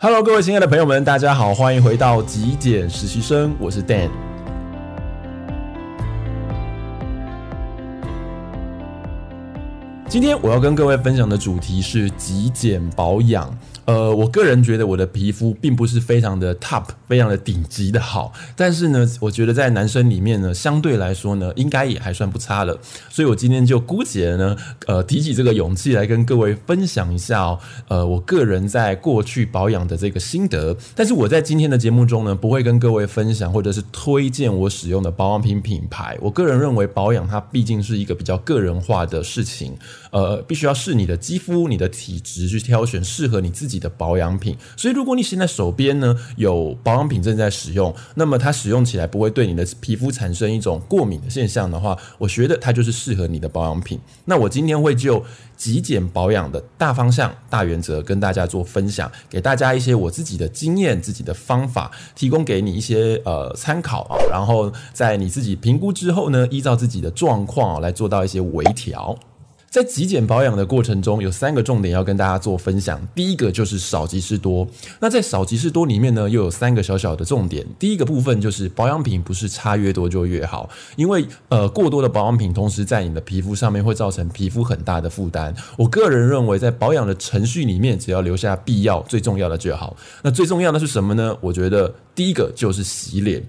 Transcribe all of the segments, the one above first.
Hello，各位親愛的朋友們，大家好，歡迎回到極簡實習生，我是 Dan。今天我要跟各位分享的主題是極簡保養。呃，我個人覺得我的皮膚並不是非常的 top，非常的頂級的好，但是呢，我覺得在男生裡面呢，相對來說呢，應該也還算不差了。所以我今天就姑且呢，呃，提起這個勇氣來跟各位分享一下哦。呃，我個人在過去保養的這個心得，但是我在今天的節目中呢，不會跟各位分享或者是推薦我使用的保養品品牌。我個人認為保養它畢竟是一個比較個人化的事情。呃，必須要試你的肌膚、你的體質去挑選適合你自己的保養品。所以，如果你現在手邊呢有保養品正在使用，那麼它使用起來不會對你的皮膚產生一種過敏的現象的話，我覺得它就是適合你的保養品。那我今天會就極簡保養的大方向、大原則跟大家做分享，給大家一些我自己的經驗、自己的方法，提供給你一些呃參考啊。然後在你自己評估之後呢，依照自己的狀況啊，來做到一些微調。在極簡保養的過程中，有三個重點要跟大家做分享。第一個就是少即是多。那在少即是多裡面呢，又有三個小小的重點。第一個部分就是保養品不是擦越多就越好，因為呃過多的保養品同時在你的皮膚上面會造成皮膚很大的負擔。我個人認為，在保養的程序裡面，只要留下必要最重要的就好。那最重要的是什麼呢？我覺得第一個就是洗臉。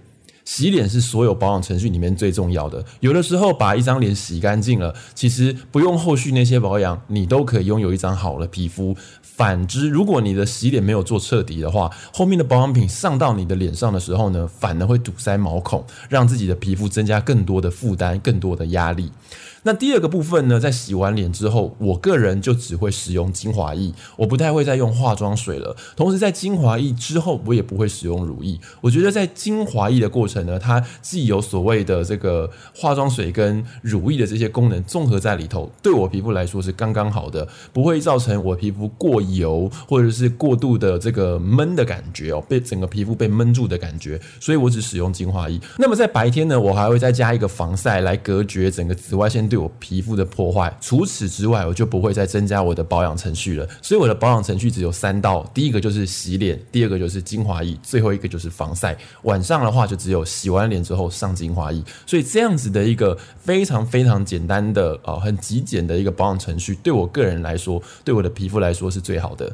洗臉是所有保養程序，裡面最重要的。有的時候把一張臉洗乾淨了，其實不用後續那些保養，你都可以擁有一張好的皮膚。反之，如果你的洗臉沒有做徹底的話，後面的保養品上到你的臉上的時候呢，反而會堵塞毛孔，讓自己的皮膚增加更多的負擔、更多的壓力。那第二個部分呢，在洗完臉之後，我個人就只會使用精華液，我不太會再用化妝水了。同時，在精華液之後，我也不會使用乳液。我覺得在精華液的過程呢，它既有所謂的這個化妝水跟乳液的這些功能綜合在裡頭，對我皮膚來說是剛剛好的，不會造成我皮膚過油或者是過度的這個悶的感覺哦，被整個皮膚被悶住的感覺。所以我只使用精華液。那麼在白天呢，我還會再加一個防曬來隔絕整個紫外線對我皮膚的破壞。除此之外，我就不會再增加我的保養程序了。所以我的保養程序只有三道：第一個就是洗臉，第二個就是精華液，最後一個就是防曬。晚上的話，就只有洗完臉之後上精華液。所以這樣子的一個非常非常簡單的，呃，很極簡的一個保養程序，對我個人來說，對我的皮膚來說是最好的。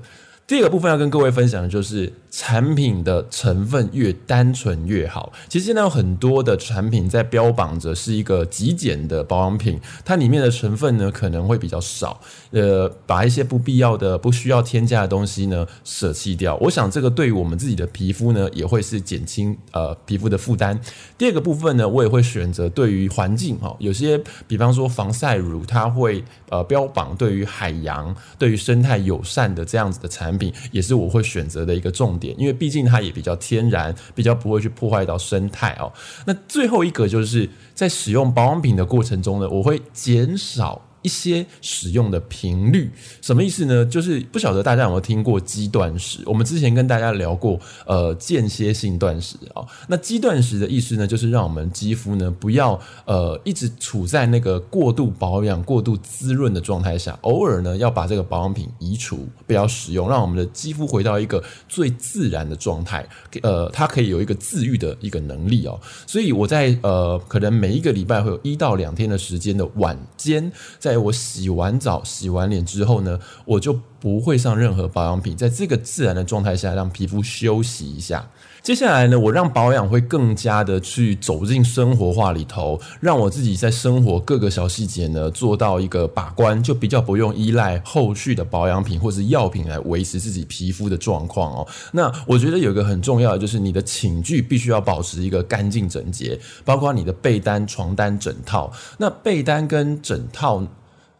第二個部分要跟各位分享的就是產品的成分越單純越好。其實現在有很多的產品在標榜着是一個極簡的保養品，它裡面的成分呢，可能會比較少，呃，把一些不必要的、不需要添加的東西呢捨棄掉。我想這個對於我們自己的皮膚呢，也會是減輕呃皮膚的負擔。第二個部分呢，我也會選擇對於環境哈、哦，有些比方說防曬乳，它會呃標榜對於海洋、對於生態友善的這樣子的產品。品也是我會選擇的一個重點，因為畢竟它也比較天然，比較不會去破壞到生態哦。那最後一個就是在使用保養品的過程中呢，我會減少。一些使用的頻率，什麼意思呢？就是不曉得大家有沒有聽過肌斷食。我們之前跟大家聊過，呃，間歇性斷食啊。那肌斷食的意思呢，就是讓我們肌膚呢不要呃一直處在那個過度保養、過度滋潤的狀態下，偶爾呢要把這個保養品移除，不要使用，讓我們的肌膚回到一個最自然的狀態。呃，它可以有一個自愈的一個能力哦。所以我在呃，可能每一個禮拜會有一到兩天的時間的晚間在。我洗完澡、洗完臉之後呢，我就不會上任何保養品，在這個自然的狀態下，讓皮膚休息一下。接下來呢，我讓保養會更加的去走進生活化裡頭，讓我自己在生活各個小細節呢做到一個把關，就比較不用依賴後續的保養品或是藥品來維持自己皮膚的狀況哦。那我覺得有一個很重要的就是你的寢具必須要保持一個乾淨整潔，包括你的被單、床單、枕套。那被單跟枕套。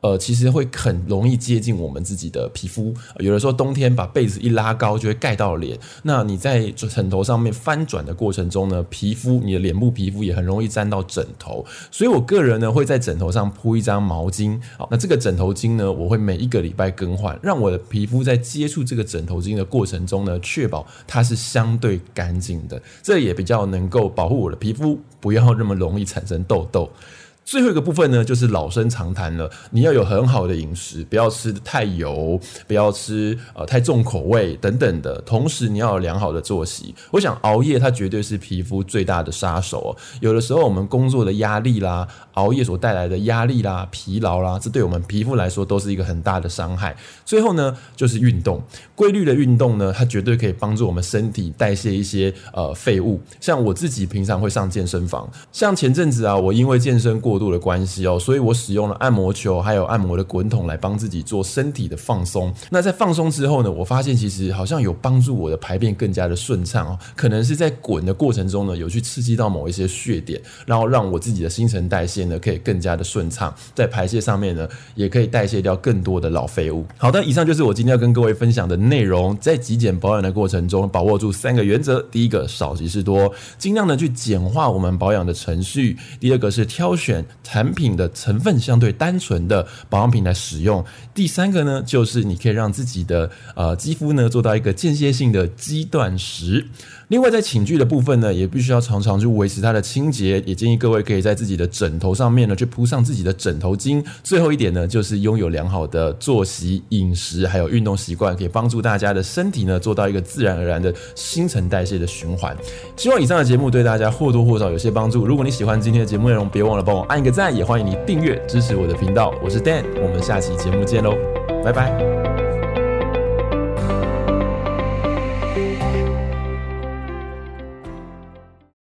呃，其實會很容易接近我們自己的皮膚。呃，有的時候冬天把被子一拉高，就會蓋到臉。那你在枕頭上面翻轉的過程中呢，皮膚你的臉部皮膚也很容易沾到枕頭。所以，我個人呢會在枕頭上鋪一張毛巾。好，哦，那這個枕頭巾呢，我會每一個禮拜更換，讓我的皮膚在接觸這個枕頭巾的過程中呢，確保它是相對乾淨的。這也比較能夠保護我的皮膚，不要那麼容易產生痘痘。最後一個部分呢，就是老生常談了，你要有很好的飲食，不要吃太油，不要吃呃太重口味等等的，同時你要有良好的作息。我想熬夜它絕對是皮膚最大的殺手哦。有的時候我們工作的壓力啦，熬夜所帶來的壓力啦、疲勞啦，這對我們皮膚來說都是一個很大的傷害。最後呢，就是運動，規律的運動呢，它絕對可以幫助我們身體代謝一些呃廢物。像我自己平常會上健身房，像前陣子啊，我因為健身過。過度的關係哦，所以我使用了按摩球，還有按摩的滾筒來幫自己做身體的放鬆。那在放鬆之後呢，我發現其實好像有幫助我的排便更加的順暢哦，可能是在滾的過程中呢，有去刺激到某一些穴點，然後讓我自己的新陳代謝呢可以更加的順暢，在排泄上面呢也可以代謝掉更多的老廢物。好的，以上就是我今天要跟各位分享的內容。在極簡保養的過程中，把握住三個原則：第一個，少即是多，盡量的去簡化我們保養的程序；第二個是挑選。產品的成分相對單純的保養品來使用。第三個呢，就是你可以讓自己的呃肌膚呢做到一個間歇性的肌斷食。另外，在寢具的部分呢，也必須要常常去維持它的清潔。也建議各位可以在自己的枕頭上面呢，去鋪上自己的枕頭巾。最後一點呢，就是擁有良好的作息、飲食，還有運動習慣，可以幫助大家的身體呢，做到一個自然而然的新陳代謝的循環。希望以上的節目對大家或多或少有些幫助。如果你喜歡今天的節目內容，別忘了幫我按一個贊，也歡迎你訂閱支持我的頻道。我是 Dan，我們下期節目見嘍，拜拜。